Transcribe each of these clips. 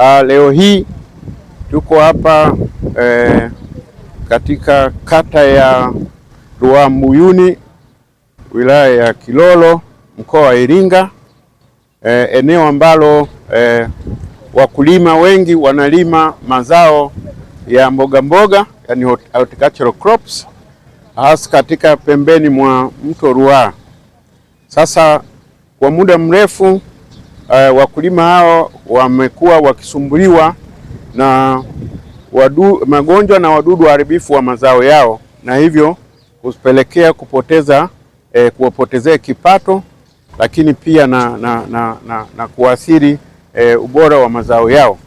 Uh, leo hii tuko hapa eh, katika kata ya Ruamuyuni wilaya ya Kilolo mkoa wa Iringa eh, eneo ambalo eh, wakulima wengi wanalima mazao ya mboga mboga, yani horticultural crops hasa katika pembeni mwa mto Ruaha. Sasa kwa muda mrefu uh, wakulima hao wamekuwa wakisumbuliwa na wadu, magonjwa na wadudu waharibifu wa mazao yao na hivyo kupelekea kupoteza eh, kuwapotezea kipato lakini pia na, na, na, na, na kuathiri eh, ubora wa mazao yao.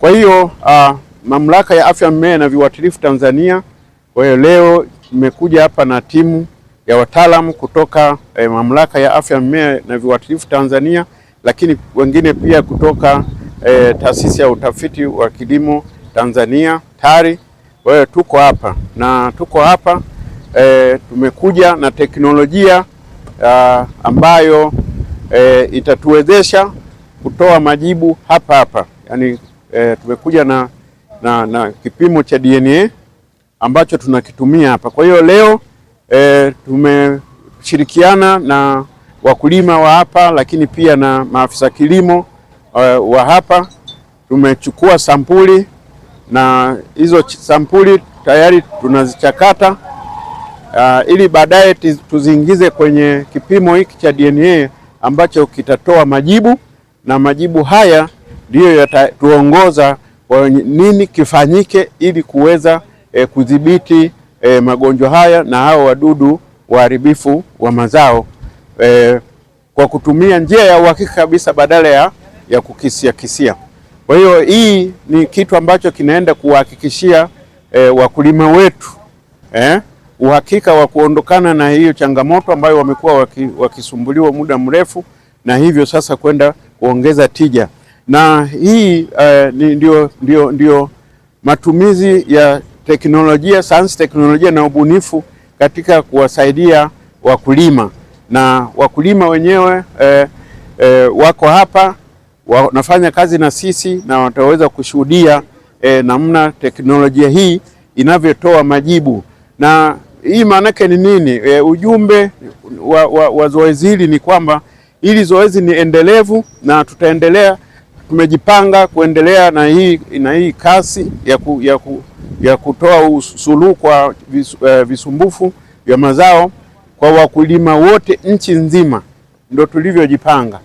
Kwa hiyo uh, Mamlaka ya Afya Mimea na Viuatilifu Tanzania, kwa hiyo leo imekuja hapa na timu ya wataalamu kutoka eh, Mamlaka ya Afya Mimea na Viuatilifu Tanzania lakini wengine pia kutoka e, taasisi ya utafiti wa kilimo Tanzania TARI. Wewe tuko hapa na tuko hapa e, tumekuja na teknolojia a, ah, ambayo e, itatuwezesha kutoa majibu hapa hapa, yaani e, tumekuja na, na, na kipimo cha DNA ambacho tunakitumia hapa. Kwa hiyo leo e, tumeshirikiana na wakulima wa hapa, lakini pia na maafisa kilimo uh, wa hapa. Tumechukua sampuli na hizo sampuli tayari tunazichakata uh, ili baadaye tuziingize kwenye kipimo hiki cha DNA ambacho kitatoa majibu na majibu haya ndiyo yatatuongoza kwa nini kifanyike ili kuweza eh, kudhibiti eh, magonjwa haya na hao wadudu waharibifu wa mazao eh, kwa kutumia njia ya uhakika kabisa badala ya, ya kukisia kisia. Kwa hiyo hii ni kitu ambacho kinaenda kuwahakikishia eh, wakulima wetu eh, uhakika wa kuondokana na hiyo changamoto ambayo wamekuwa waki, wakisumbuliwa muda mrefu na hivyo sasa kwenda kuongeza tija na hii eh, ndio, ndio, ndio matumizi ya teknolojia, sayansi, teknolojia na ubunifu katika kuwasaidia wakulima na wakulima wenyewe eh, eh, wako hapa wanafanya kazi na sisi na wataweza kushuhudia eh, namna teknolojia hii inavyotoa majibu. Na hii maanake ni nini? Eh, ujumbe wa, wa, wa zoezi hili ni kwamba hili zoezi ni endelevu na tutaendelea tumejipanga kuendelea na hii, na hii kasi ya, ku, ya, ku, ya kutoa suluhu kwa vis, eh, visumbufu vya mazao kwa wakulima wote nchi nzima, ndo tulivyojipanga,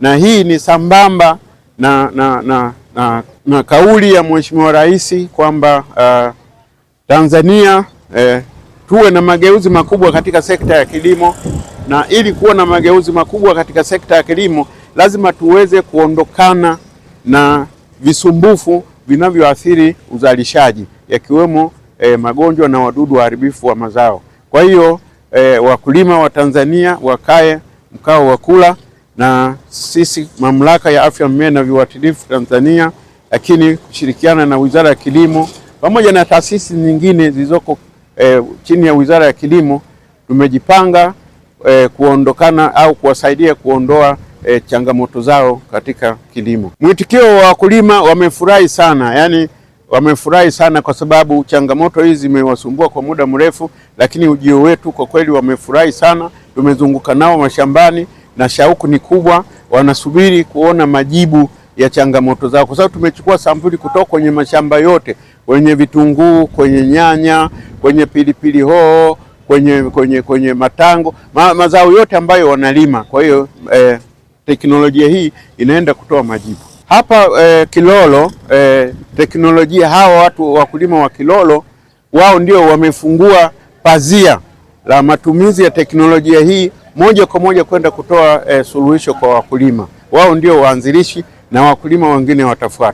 na hii ni sambamba na, na, na, na, na kauli ya Mheshimiwa Rais kwamba uh, Tanzania eh, tuwe na mageuzi makubwa katika sekta ya kilimo, na ili kuwa na mageuzi makubwa katika sekta ya kilimo lazima tuweze kuondokana na visumbufu vinavyoathiri uzalishaji yakiwemo eh, magonjwa na wadudu waharibifu wa mazao. Kwa hiyo e, wakulima wa Tanzania wakae mkao wa kula na sisi mamlaka ya afya mmea na viuatilifu Tanzania, lakini kushirikiana na Wizara ya Kilimo pamoja na taasisi nyingine zilizoko e, chini ya Wizara ya Kilimo tumejipanga e, kuondokana au kuwasaidia kuondoa e, changamoto zao katika kilimo. Mwitikio wa wakulima wamefurahi sana, yani wamefurahi sana kwa sababu changamoto hizi zimewasumbua kwa muda mrefu, lakini ujio wetu kwa kweli wamefurahi sana. Tumezunguka nao mashambani na shauku ni kubwa, wanasubiri kuona majibu ya changamoto zao, kwa sababu tumechukua sampuli kutoka kwenye mashamba yote, kwenye vitunguu, kwenye nyanya, kwenye pilipili hoho, kwenye, kwenye, kwenye matango ma, mazao yote ambayo wanalima. Kwa hiyo eh, teknolojia hii inaenda kutoa majibu hapa eh, Kilolo eh, teknolojia. Hawa watu wakulima wa Kilolo wao ndio wamefungua pazia la matumizi ya teknolojia hii moja kwa moja kwenda kutoa eh, suluhisho kwa wakulima. Wao ndio waanzilishi na wakulima wengine watafuata.